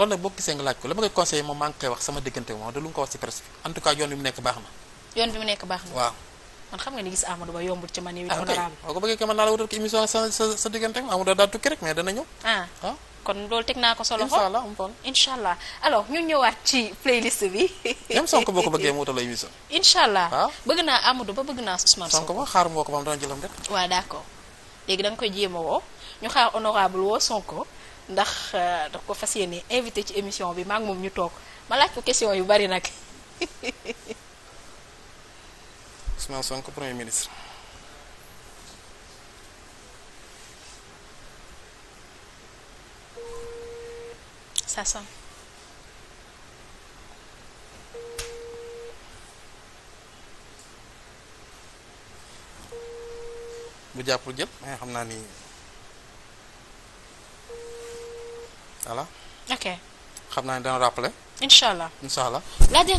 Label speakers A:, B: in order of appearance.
A: loolu nag boo gisee nga laaj ko la ma koy conseillé moom maa ngi koy wax sama diggante moom de nga ko wax ci presse bi en tout cas yoon bi mu nekk baax na
B: yoon bi mu nekk baax na waaw man xam nga ni gis Amadou Ba yombul ci man yow ah, honorable
A: boo ko bëggee ko mën la wutal ki émission sa sa sa diggante Amadou daal tukki rek
B: ah. ah kon loolu teg naa ko solo xool incha allah ñu ñëwaat ci playlist bi. même Sonko boo ko bëggee mu wutal émission. incha ah. bëgg naa Amadou ba bëgg naa Ousmane Sonko. Sonko
A: xaar moo ko ba am dana jëlam rek.
B: léegi danga koy jéem a woo ñu xaar honorable woo Sonko ndax euh, daf ko fas yéene invité ci émission bi maak moom ñu toog ma laaj ko question yu bari nag.
C: Ousmane Sonko premier ministre.
D: bu jàppul jëpp mais eh, xam naa ni voilà. ok. xam naa ni dana rappeler. incha allah incha